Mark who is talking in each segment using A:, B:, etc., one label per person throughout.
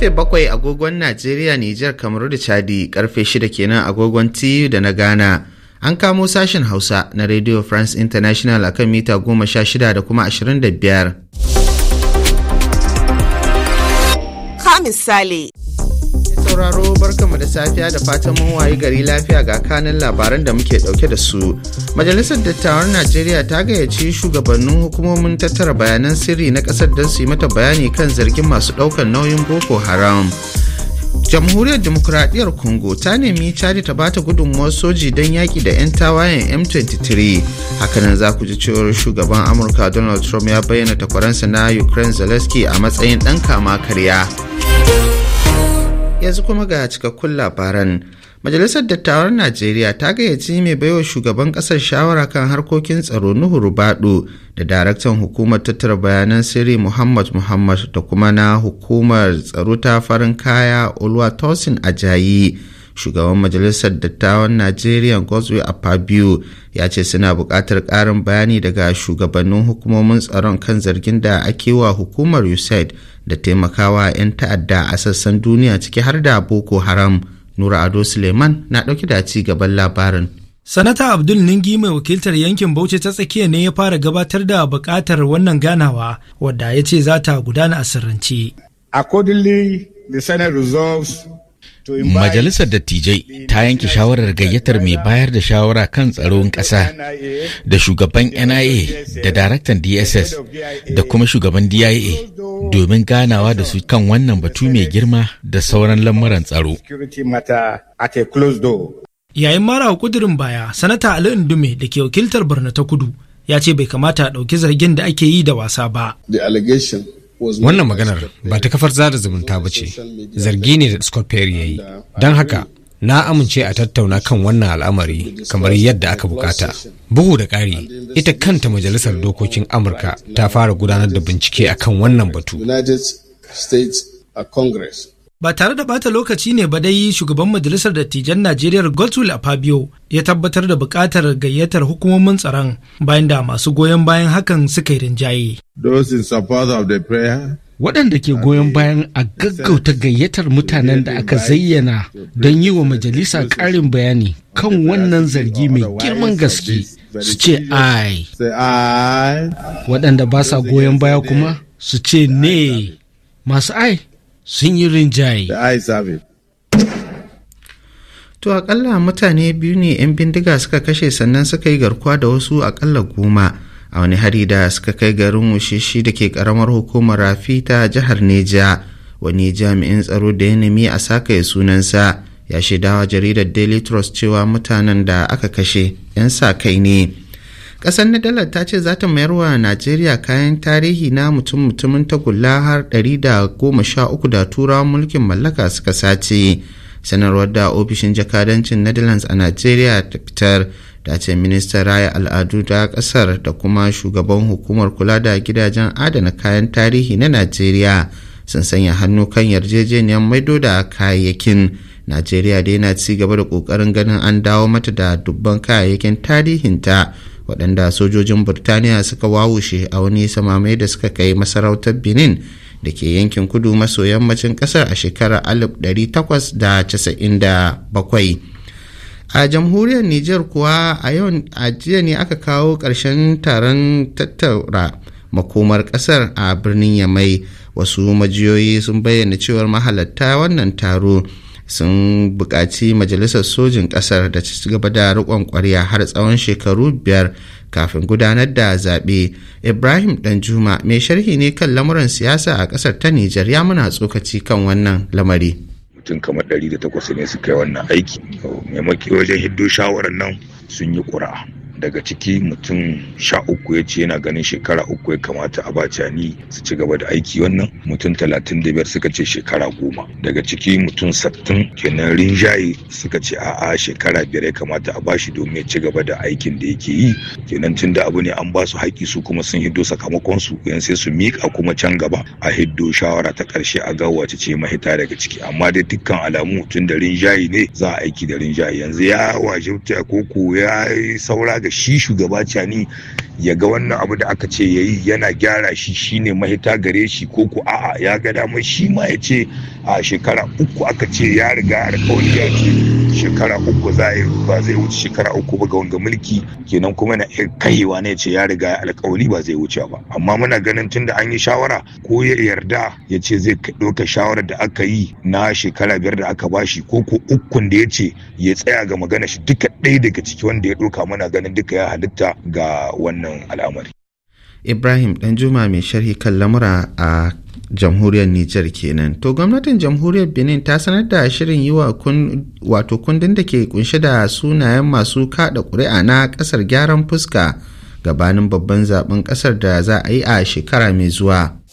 A: karfe bakwai agogon Najeriya, Nijar, Kamaru da Chadi, karfe shida kenan agogon TU da na Ghana. An kamo sashen Hausa na Radio France International a kan mita goma sha shida da kuma ashirin da biyar.
B: Ka misali.
A: sauraro barkamu da safiya da fatan mun wayi gari lafiya ga kanin labaran da muke dauke da su. Majalisar Dattawan Najeriya ta gayyaci shugabannin hukumomin tattara bayanan sirri na kasar don su yi mata bayani kan zargin masu daukan nauyin Boko Haram. Jamhuriyar Demokuraɗiyyar Congo ta nemi cari ta bata gudunmuwar soji don yaki da 'yan tawayen M23. Hakanan za ku ji cewar shugaban Amurka Donald Trump ya bayyana takwaransa na Ukraine Zelensky a matsayin ɗan kama karya. yanzu kuma ga cikakkun labaran majalisar dattawan najeriya ta gayyaci mai baiwa shugaban kasar shawara kan harkokin tsaro nuhu rubadu da daraktan hukumar tattara bayanan sirri muhammad muhammad da kuma na hukumar tsaro ta farin kaya olwa tosin ajayi shugaban majalisar dattawan najeriya godswill apabio ya ce suna buƙatar ƙarin bayani daga shugabannin hukumomin tsaron kan zargin da ake wa hukumar usaid da taimakawa 'yan ta'adda a sassan duniya ciki har da boko haram nura ado suleiman na ɗauki da ci gaban labarin sanata abdul ningi mai wakiltar yankin bauchi ta tsakiya ne ya fara gabatar da buƙatar wannan ganawa
C: wadda ya ce za ta gudana a sirrance accordingly the senate resolves Majalisar dattijai ta yanke shawarar gayyatar mai bayar da shawara kan tsaron ƙasa da shugaban NIA da daraktan DSS da kuma shugaban DIA domin ganawa da su kan wannan batu mai girma da sauran lamuran tsaro. Yayin mara kudurin baya, Sanata Ali Indume da ke wakiltar Borno ta Kudu ya ce bai kamata a ɗauki zargin da ake yi da wasa ba.
D: The allegation Wannan maganar
C: ba ta kafar zada zumunta ba ce, zargi ne da Scott Perry ya yi. Don haka, na amince a tattauna kan wannan al'amari kamar yadda aka bukata. Bugu da ƙari, ita kanta Majalisar Dokokin Amurka ta fara gudanar da bincike a kan wannan batu.
D: States Congress.
C: ba tare da bata lokaci ne ba dai shugaban majalisar dattijan najeriya godswill a fabio ya tabbatar da bukatar gayyatar hukumomin tsaron bayan da masu goyon bayan hakan suka yi rinjaye waɗanda ke goyon bayan a gaggauta gayyatar mutanen da aka zayyana don yi wa majalisa ƙarin bayani kan wannan zargi mai girman gaske su ce ai waɗanda ba sa goyon
A: baya kuma su ce ne masu ai sun yi rinjaye.
C: The a
A: To akalla mutane biyu ne 'yan bindiga suka kashe sannan suka yi garkuwa da wasu akalla goma a wani hari da suka kai garin wushishi da ke karamar hukumar rafi ta jihar Neja. Wani jami'in tsaro da yanami a saka ya sunansa ya shaidawa jaridar Daily Trust cewa mutanen da aka kashe 'yan sa kai ne. Ƙasar Netherlands ta ce za ta mayar wa Najeriya kayan tarihi na mutum-mutumin tagulla har 113 da turawan mulkin mallaka suka sace. Sanarwar da ofishin jakadancin Netherlands a Najeriya ta fitar ta ce ministan raya al'adu ta ƙasar da kuma shugaban hukumar kula da gidajen adana kayan tarihi na Najeriya sun sanya hannu kan yarjejeniyar maido da kayayyakin. Najeriya da yana ci gaba da ƙoƙarin ganin an dawo mata da dubban kayayyakin tarihinta. waɗanda sojojin burtaniya suka wawushe a wani samamai da suka kai masarautar benin da ke yankin kudu maso yammacin ƙasar a shekarar 1897 a jamhuriyar Nijar, kuwa a yau a jiya ne aka kawo ƙarshen taron tattara makomar ƙasar a birnin yamai wasu majiyoyi sun bayyana cewar mahalatta wannan taro sun buƙaci majalisar sojin ƙasar da ci gaba da riƙon ƙwarya har tsawon shekaru biyar kafin gudanar da zaɓe ibrahim danjuma mai sharhi ne kan lamuran siyasa a ƙasar ta nijar ya muna tsokaci kan wannan lamari
E: mutum kamar ɗari da takwas ne suka yi wannan aiki wajen hiddo shawarar nan sun yi ƙura daga ciki mutum sha uku ya ce yana ganin shekara uku ya kamata a bacani su ci gaba da aiki wannan mutum talatin da biyar suka ce shekara goma daga ciki mutum sattin kenan rinjaye suka ce a'a shekara biyar ya kamata a bashi domin ya ci gaba da aikin da yake yi kenan tun da abu ne an ba su haƙƙi su kuma sun hiddo sakamakon su yan sai su miƙa kuma can gaba a hiddo shawara ta ƙarshe a ga wace ce mahita daga ciki amma dai dukkan alamu tun da rinjaye ne za a aiki da rinjaye yanzu ya wajibta ko ko ya saura daga shi shugaba cani ya ga wannan abu da aka ce ya yi yana gyara shi shine mahita gare shi ko ku a'a ya ga damar shi ma ya ce a shekara uku aka ce ya riga alkawari ya ce shekara uku za a ba zai wuce shekara uku ba ga wanga mulki kenan kuma na iya kaiwa ne ce ya riga ya alkawari ba zai wuce ba amma muna ganin tunda an yi shawara ko ya yarda ya ce zai ɗauka shawarar da aka yi na shekara biyar da aka bashi ko ko ukun da ya ce ya tsaya ga magana shi duka ɗaya daga ciki wanda ya ɗauka muna ganin duka ya halitta ga wannan al'amari.
A: Ibrahim Danjuma mai sharhi kan lamura a jamhuriyar Nijar kenan. To gwamnatin jamhuriyar Benin ta sanar da shirin yi wa wato kundin da ke kunshe da sunayen masu kada ƙuri'a na ƙasar gyaran fuska gabanin babban zaben ƙasar da za a yi a shekara mai zuwa.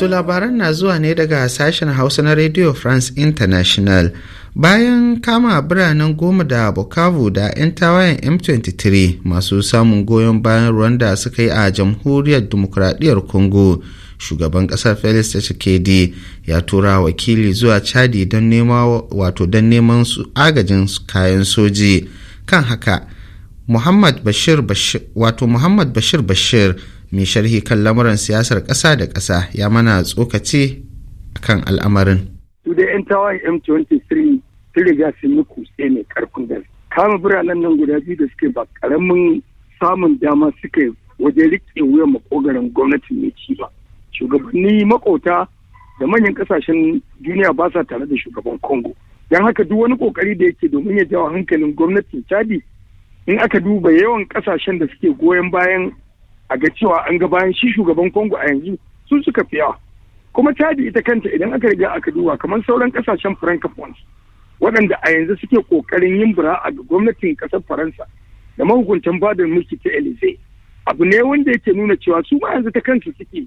A: To labaran na zuwa ne daga sashen Hausa na Radio France International bayan kama biranen goma da Bukavu da 'yan tawayen M23 masu samun goyon bayan Rwanda suka yi a Jamhuriyar Dimokuraɗiyyar Congo. Shugaban ƙasar Felix Tshisekedi ya tura wakili zuwa Chadi don neman su agajin kayan soji. Kan haka, Muhammad Bashir Bashir wato Muhammad Bashir Bashir mai sharhi kan lamuran siyasar ƙasa da ƙasa ya mana tsokace kan al'amarin.
D: su da 'yan tawayen m23 sun riga sun yi kutse mai karfin gari kama biranen nan guda biyu da suke ba karamin samun dama suka wajen riƙe wuyan makogaren gwamnatin mai ci ba shugabanni maƙota da manyan ƙasashen duniya ba sa tare da shugaban congo don haka duk wani ƙoƙari da yake domin ya jawo hankalin gwamnatin chadi in aka duba yawan ƙasashen da suke goyon bayan a ga cewa an ga bayan shi shugaban Congo a yanzu su suka fi yawa. Kuma cadi ita kanta idan aka riga aka duba kamar sauran kasashen Francophones waɗanda a yanzu suke ƙoƙarin yin bura a gwamnatin ƙasar Faransa da mahukuntan badin mulki ta Elysee. Abu ne wanda yake nuna cewa su ma yanzu ta kansu suke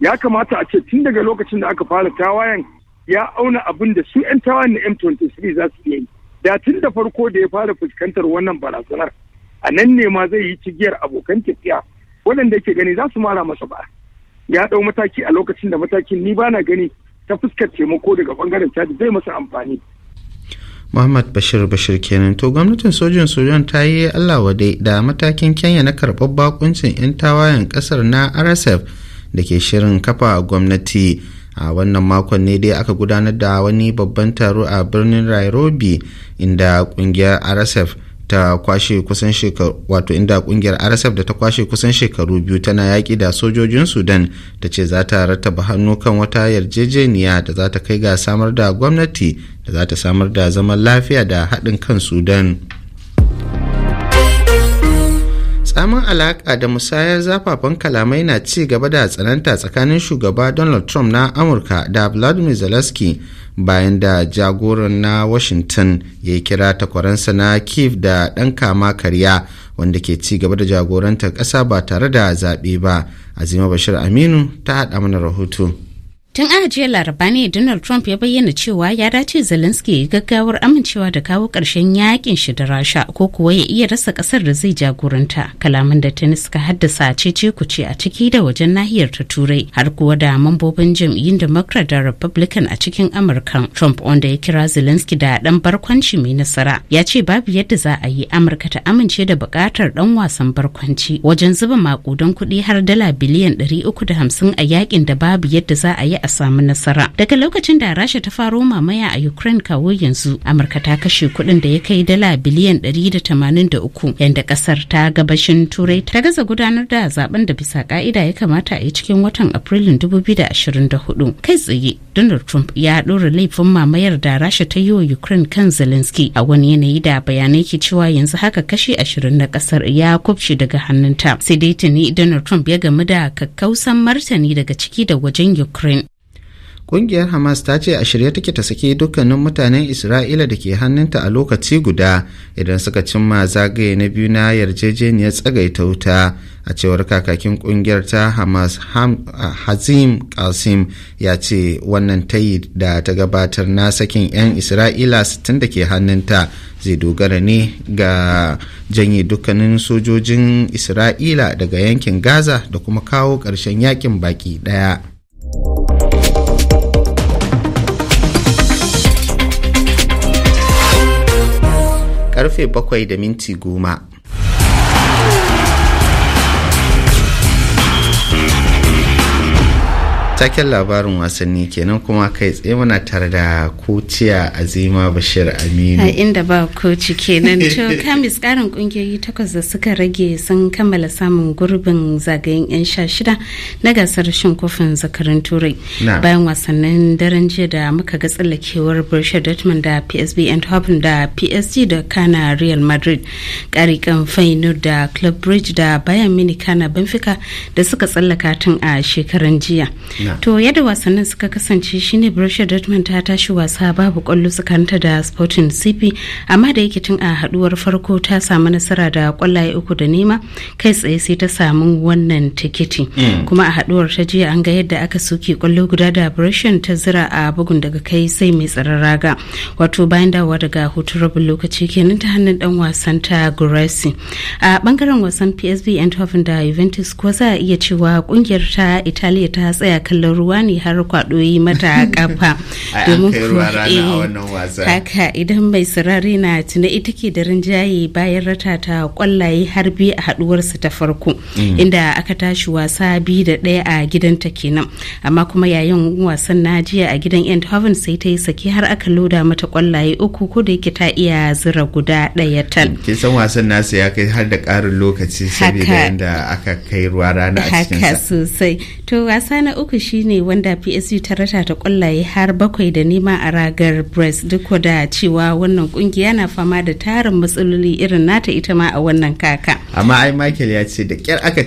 D: ya kamata a ce tun daga lokacin da aka fara tawayen ya auna abin da su 'yan tawayen na M23 za su yi. Da tun da farko da ya fara fuskantar wannan barazanar a nan ne ma zai yi cigiyar abokan tafiya waɗanda ke gani za su mara masa ba ya ɗau mataki a lokacin da matakin ni bana gani ta fuskar taimako daga ɓangaren caji zai masa amfani
A: Muhammad Bashir Bashir kenan to gwamnatin sojin sojan ta yi Allah wade da matakin Kenya na karɓar bakuncin 'yan tawayen ƙasar na RSF da ke shirin kafa gwamnati a wannan makon ne dai aka gudanar da wani babban taro a birnin Nairobi inda ƙungiyar RSF ta kwashe kusan shekaru wato inda kungiyar rsf da ta kwashe kusan shekaru biyu tana yaƙi da sojojin sudan ta ce za ta rattaba hannu kan wata yarjejeniya da za ta kai ga samar da gwamnati da za ta samar da zaman lafiya da haɗin kan sudan tsamin alaƙa da musayar zafafan kalamai na ci gaba da tsananta tsakanin shugaba donald trump na amurka da vladimir zelensky bayan da jagoran na washington ya kira takwaransa na kiev da ɗan kama karya wanda ke ci gaba da jagorantar ƙasa ba tare da zaɓe ba azima bashir aminu ta haɗa mana rahoto
B: Tun a jiya laraba ne Donald Trump ya bayyana cewa ya dace Zelensky gaggawar amincewa da kawo ƙarshen yakin shi da Rasha ko kuwa ya iya rasa ƙasar da zai jagoranta. Kalaman da ta niska haddasa ku ce a ciki da wajen nahiyar ta Turai har kuwa da mambobin jam'iyyun Democrat da Republican a cikin Amurka. Trump wanda ya kira Zelensky da ɗan barkwanci mai nasara ya ce babu yadda za a yi Amurka ta amince da buƙatar ɗan wasan barkwanci wajen zuba maƙudan kuɗi har dala biliyan ɗari uku da hamsin a yakin da babu yadda za a yi a samu nasara daga lokacin da rasha ta faro mamaya a ukraine kawo yanzu amurka ta kashe kuɗin da ya kai dala biliyan 183 yadda ƙasar ta gabashin turai ta gaza gudanar da zaben da bisa ƙa'ida ya kamata a yi cikin watan afrilun 2024 kai tsaye donald trump ya ɗora laifin mamayar da rasha ta yi wa ukraine kan zelensky a wani yanayi da bayanai ke cewa yanzu haka kashe ashirin na ƙasar ya kubce daga hannunta sai dai tuni donald trump ya gamu da kakkausan martani daga ciki da wajen ukraine
A: Ƙungiyar Hamas ta ce a shirye take ta saki dukkanin mutanen Isra'ila da ke hannunta a lokaci guda idan suka cimma zagaye na biyu na yarjejeniyar tsagaita wuta. A cewar kakakin ƙungiyar ta Hamas Hazim Qasim ya ce wannan tayi da ta gabatar na sakin 'yan Isra'ila 60 da ke hannunta zai dogara ne ga janye dukkanin sojojin Isra'ila daga yankin Gaza da kuma kawo ƙarshen yakin baki ɗaya. karfe bakwai da minti goma taken labarin wasanni kenan kuma kai tsaye muna tare da kociya azima bashir aminu
B: a inda ba koci kenan to kamis karin kungiyoyi takwas da suka rage sun kammala samun gurbin zagayen yan sha shida na gasar shin kofin zakarin turai bayan wasannin daren jiya da muka ga tsallakewar borussia dortmund da psb eindhoven da psg da kana real madrid kari kan da club bridge da bayan mini kana benfica da suka tsallaka tun a shekaran jiya to yadda wasannin suka kasance shine Borussia Dortmund ta tashi wasa babu kwallo tsakanta da Sporting CP amma da yake tun a haduwar farko ta samu nasara da kwallaye uku da nema kai tsaye sai ta samu wannan tikiti mm. kuma a haduwar ta jiya an ga yadda aka soke kwallo guda da Borussia ta zira a bugun daga kai sai mai tsaron raga wato bayan dawowa daga hutu rabin lokaci kenan ta hannun dan wasan ta Guresi a bangaren wasan PSV Eindhoven da Juventus ko za a iya cewa kungiyar ta Italiya ta tsaya kan kwallon ruwa ne har kwado yi mata kafa domin eh, haka idan mai sirari na tuna ita ke da rinjaye bayan rata ta kwallaye har biyu a haduwarsa ta farko mm. inda aka tashi wasa biyu da ɗaya a gidanta kenan amma kuma yayin wasan na jiya a gidan Eindhoven sai ta yi saki har aka loda mata kwallaye uku ko da yake ta iya zira guda ɗaya tal.
A: ke san wasan nasa ya kai har da ƙarin lokaci saboda yadda aka kai ruwa rana a cikin Haka
B: sosai. To wasa na uku shine wanda psc ta rata ta kwallaye har bakwai da nema a ragar brest duk da cewa wannan kungiya na fama da tarin matsaloli irin nata ita ma a wannan kaka
A: amma ai michael ya ce da kyar aka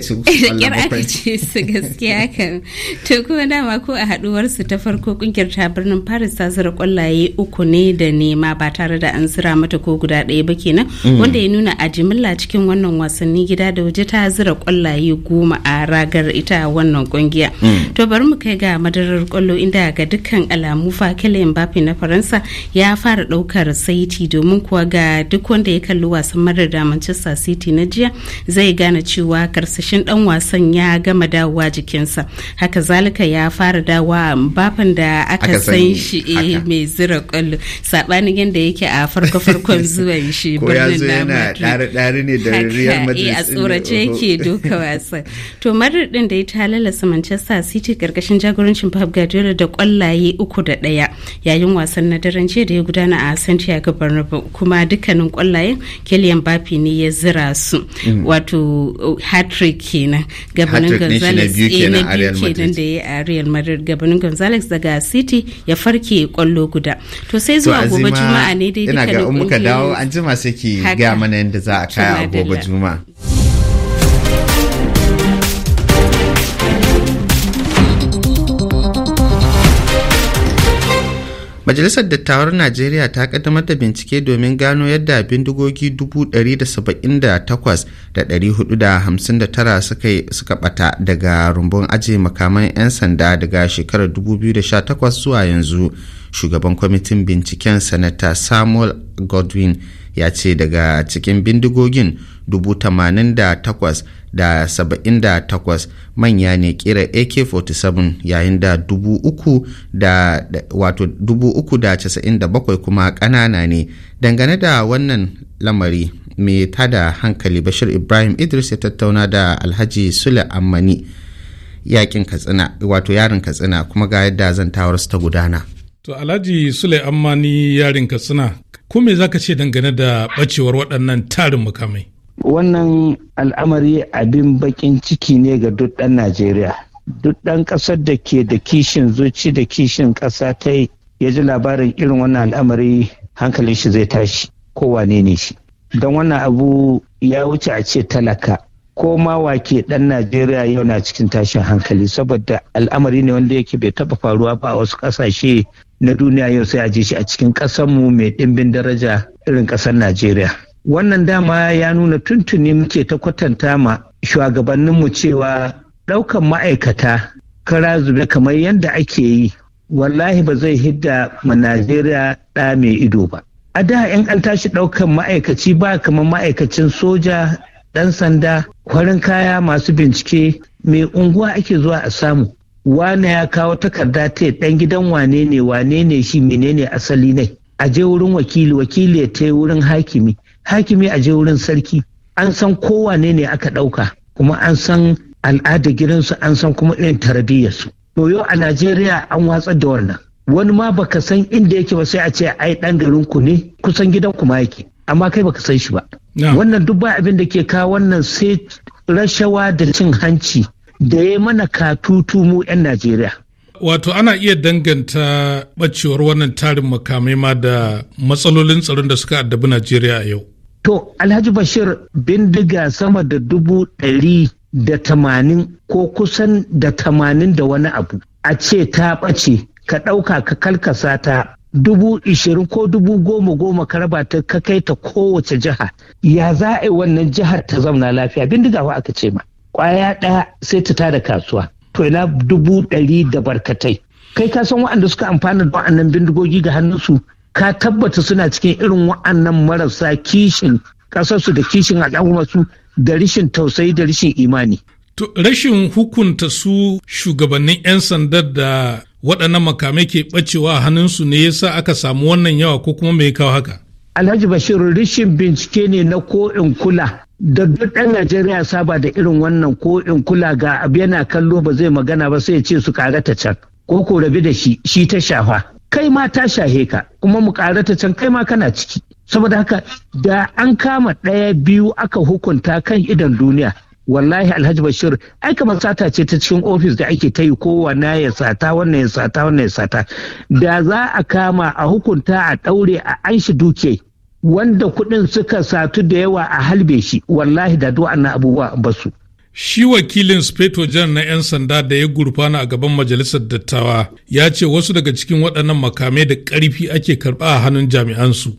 A: ci
B: su gaskiya kan to kuma dama ko a haduwar su ta farko kungiyar ta birnin paris ta zura kwallaye uku ne da nema ba tare da an zira mata ko guda ɗaya ba kenan mm. wanda ya nuna a jimilla cikin wannan wasanni gida da waje ta zura kwallaye goma a ragar ita wannan kungiya mm. to bari mu kai ga madarar kwallo inda ga dukkan alamu fa fakele mbappe na faransa ya fara daukar saiti domin kuwa ga duk wanda ya kalli wasan marar da manchester city na jiya zai gane cewa karsashin dan wasan ya gama dawowa jikinsa haka zalika ya fara dawa mbappen da aka san shi eh, mai zira kwallo sabanin yadda yake a farko farkon zuwan shi birnin na madrid ne da real eh, madrid a tsorace yake doka wasan to madrid din da ya ta lalasa manchester city karkashin jagorancin Pep Guardiola da kwallaye uku da ɗaya yayin wasan na daren jiya da ya gudana a Santiago Bernabeu kuma dukkanin kwallayen Kylian Mbappe ne ya zira su mm. wato hat-trick kenan gabanin Gonzalez biyu eh, kenan da ya a Real Madrid gabanin Gonzalez daga City ya farke kwallo guda to sai zuwa gobe juma'a ne dai dukkanin ina ga umuka dawo an
A: jima sai ki ga mana yadda za a kaya a gobe juma'a Majalisar Dattawar Najeriya ta kaddamar da bincike domin gano yadda bindigogi 178,459 suka bata daga rumbun aji makaman 'yan sanda daga shekarar 2018 zuwa yanzu. Shugaban kwamitin binciken Sanata Samuel Godwin ya ce daga cikin bindigogin da 78 manya ne kira ak-47 yayin da bakwai kuma kanana ne dangane da wannan lamari mai tada hankali bashir ibrahim idris ya tattauna da alhaji sule ammani yakin katsina wato yarin katsina kuma ga yadda su ta gudana
E: to alhaji sule ammani yarin katsina ko me zaka ce dangane da bacewar waɗannan tarin mukamai
C: wannan al'amari abin bakin ciki ne ga duk ɗan najeriya duk ɗan ƙasar da ke da kishin zuci da kishin ƙasa ta yi ya ji labarin irin wannan al'amari hankalin shi zai tashi wane ne shi don wannan abu ya wuce a ce talaka ko ma wake ɗan najeriya yau na cikin tashin hankali saboda al'amari ne wanda yake bai taba faruwa ba a wasu ƙasashe na duniya yau sai a je shi a cikin mu mai ɗimbin daraja irin ƙasar najeriya wannan dama ya nuna tuntuni muke ta kwatanta ma shugabanninmu cewa ɗaukan ma'aikata kara zube kamar yadda ake yi wallahi ba zai hidda ma najeriya ɗa mai ido ba a da in an tashi ɗaukan ma'aikaci ba kamar ma'aikacin soja ɗan sanda kwarin kaya masu bincike mai unguwa ake zuwa a samu wane ya kawo takarda ta ɗan gidan wane ne wane ne shi menene asali ne a je wurin wakili wakili ya ta wurin hakimi hakimi a je wurin sarki an san kowane ne aka ɗauka kuma an san al'ada gidansu an san kuma irin tarbiyyarsu to yau a najeriya an watsar da wannan wani ma baka san inda yake ba sai a ce ai dan garin ku ne kusan gidan ku ma yake amma kai baka san shi ba wannan duk ba abin da ke kawo wannan sai rashawa da cin hanci da ya mana katutu mu 'yan najeriya
E: wato ana iya danganta bacewar wannan tarin makamai ma da matsalolin tsaron da suka addabi najeriya a yau
C: To Alhaji Bashir bindiga sama da dubu ɗari da tamanin ko kusan da tamanin da wani abu a ce ta ɓace ka ɗauka ka kalkasa ta dubu ishirin ko dubu goma goma ka raba ta ka kai ta kowace jiha ya za a yi wannan jihar ta zauna lafiya bindiga wa aka ce ma kwaya ɗaya sai ta tada kasuwa to ina dubu ɗari da barkatai kai ka san waɗanda suka amfana da waɗannan bindigogi ga hannunsu ka tabbata suna cikin irin wa'annan marasa kishin kasarsu da kishin al'ummarsu da rashin tausayi da rashin imani.
E: rashin hukunta su shugabannin 'yan sanda da waɗannan makamai ke ɓacewa hannunsu ne yasa aka samu wannan yawa ko kuma mai kawo haka?
C: Alhaji Bashir rashin bincike ne na ko in kula da duk ɗan Najeriya saba da irin wannan ko in kula ga abu yana kallo ba zai magana ba sai ya ce su kare ta can ko ko rabi da shi shi ta shafa kai ma ta shahe ka kuma mu karata can kai ma kana ciki saboda haka da an kama ɗaya biyu aka hukunta kan idan duniya wallahi alhaji bashir ai kamar sata ce ta cikin ofis da ake ta yi na ya sata wannan ya sata wannan ya sata da za a kama a hukunta a ɗaure a an shi duke wanda kuɗin suka satu da yawa a halbe shi wallahi da duwa abubuwa basu.
E: Shi wakilin Speto Jan na 'yan sanda da ya gurfana a gaban majalisar dattawa ya ce wasu daga cikin waɗannan makamai da ƙarfi ake karɓa a hannun jami'ansu.